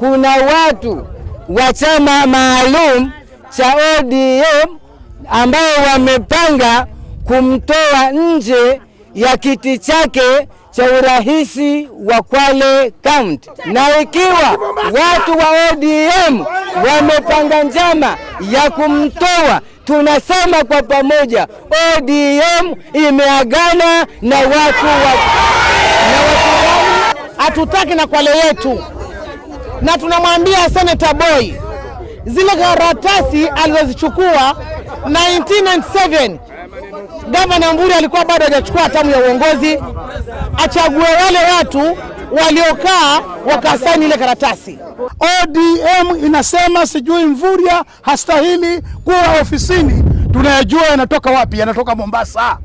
kuna watu wa chama maalum cha ODM ambao wamepanga kumtoa nje ya kiti chake cha urahisi wa Kwale County, na ikiwa watu wa ODM wamepanga njama ya kumtoa tunasema kwa pamoja, ODM imeagana na watu wa hatutaki na Kwale yetu na tunamwambia Senator Boy zile karatasi alizozichukua 1997 Gavana Mvurya alikuwa bado hajachukua hatamu ya uongozi, achague wale watu waliokaa wakasaini ile karatasi. ODM inasema sijui Mvurya hastahili kuwa ofisini. Tunayajua yanatoka wapi? Yanatoka Mombasa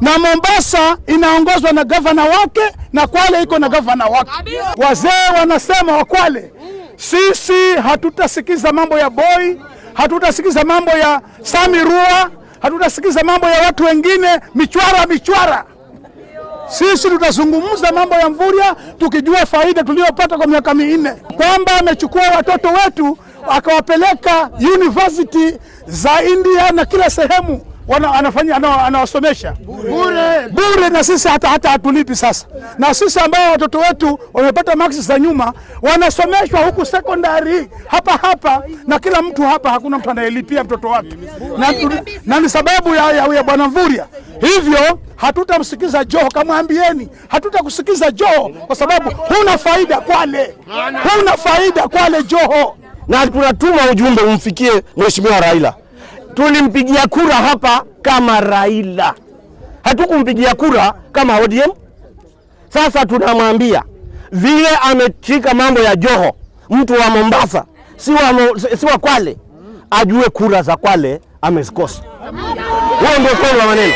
na Mombasa inaongozwa na gavana wake na Kwale iko na gavana wake. Wazee wanasema wa Kwale, sisi hatutasikiza mambo ya Boi, hatutasikiza mambo ya Sami Rua, hatutasikiza mambo ya watu wengine michwara michwara. Sisi tutazungumza mambo ya Mvurya tukijua faida tuliyopata kwa miaka minne, kwamba amechukua watoto wetu akawapeleka university za India na kila sehemu wana, anafanya anawasomesha bure bure, na sisi hata hata hatulipi. Sasa na sisi ambao watoto wetu wamepata maksi za nyuma wanasomeshwa huku sekondari hapa hapa, na kila mtu hapa, hakuna mtu anayelipia mtoto wake, na ni sababu ya, ya, ya Bwana Mvurya. Hivyo hatutamsikiza Joho, kamwambieni hatutakusikiza Joho kwa sababu huna faida Kwale, huna faida Kwale Joho, na tunatuma ujumbe umfikie Mheshimiwa Raila tulimpigia kura hapa kama Raila, hatukumpigia kura kama ODM. Sasa tunamwambia vile ameshika mambo ya Joho, mtu wa Mombasa si wa, si wa Kwale, ajue kura za Kwale amezikosa. Huo ndio kweli wa maneno.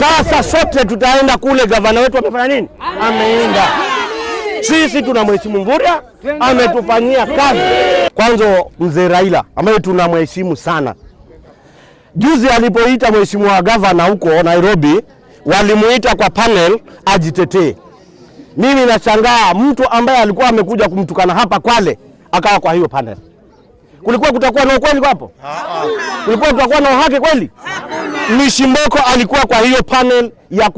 Sasa sote tutaenda kule, gavana wetu amefanya nini? Ameenda. Sisi tuna mheshimu Mvurya, ametufanyia kazi. Kwanza mzee Raila ambaye tunamheshimu sana Juzi alipoita mheshimiwa gavana huko Nairobi, walimuita kwa panel ajitetee. Mimi nashangaa mtu ambaye alikuwa amekuja kumtukana hapa Kwale akawa kwa hiyo panel. Kulikuwa kutakuwa na ukweli hapo? Kulikuwa kutakuwa na uhaki kweli? Mishimboko alikuwa kwa hiyo panel ya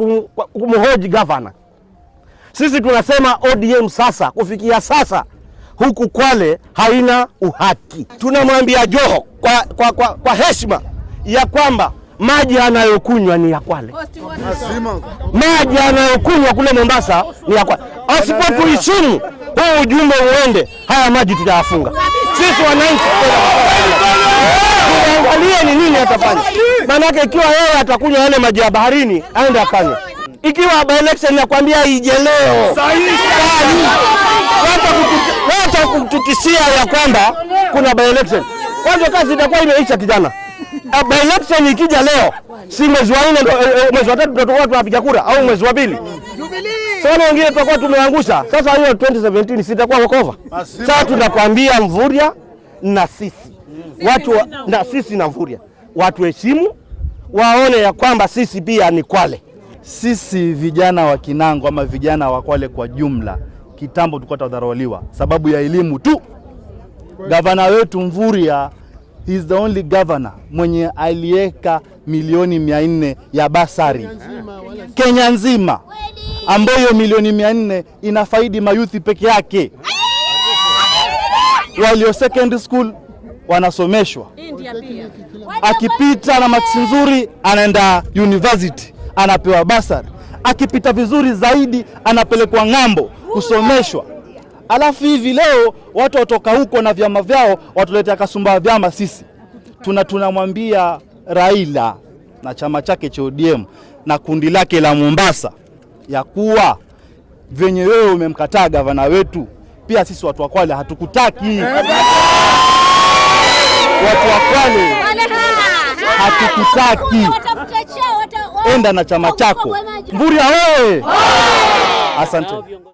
kumhoji gavana. Sisi tunasema ODM sasa, kufikia sasa huku Kwale haina uhaki. Tunamwambia Joho kwa, kwa, kwa, kwa heshima ya kwamba maji anayokunywa ni ya Kwale, maji anayokunywa kule Mombasa ni ya Kwale. Asipotuheshimu huu ujumbe uende, haya maji tutayafunga sisi wananchi. Tuangalie ni nini atafanya, maanake ikiwa yeye atakunywa yale maji ya baharini, aende akanywe. Ikiwa by election nakwambia ije leo, wacha kututishia ya kwamba kuna by election. Kwanza kazi itakuwa imeisha kijana. Eh, election ikija leo, si mwezi wa nne, eh, eh, mwezi wa tatu tutakuwa tunapiga kura au mwezi wa pili? Sana wengine tutakuwa tumeangusha. Sasa hiyo 2017 sitakuwa wakova. Sasa tunakwambia Mvurya na sisi watu na sisi na Mvurya watu heshimu, waone ya kwamba sisi pia ni Kwale. Sisi vijana wa Kinango ama vijana wa Kwale kwa jumla, kitambo tulikuwa tunadharauliwa sababu ya elimu tu. Gavana wetu Mvurya he is the only governor mwenye aliweka milioni mia nne ya basari Kenya nzima, ambayo milioni mia nne inafaidi mayuthi peke yake walio second school wanasomeshwa, akipita na maksi nzuri anaenda university anapewa basari, akipita vizuri zaidi anapelekwa ng'ambo kusomeshwa. Alafu hivi leo watu watoka huko na vyama vyao watuletea kasumba vyama. Sisi tuna tunamwambia Raila na chama chake cha ODM na kundi lake la Mombasa ya kuwa venye wewe umemkataa gavana wetu, pia sisi watu wa Kwale hatukutaki. Watu wa Kwale hatukutaki, enda na chama chako Mburia. Wewe asante.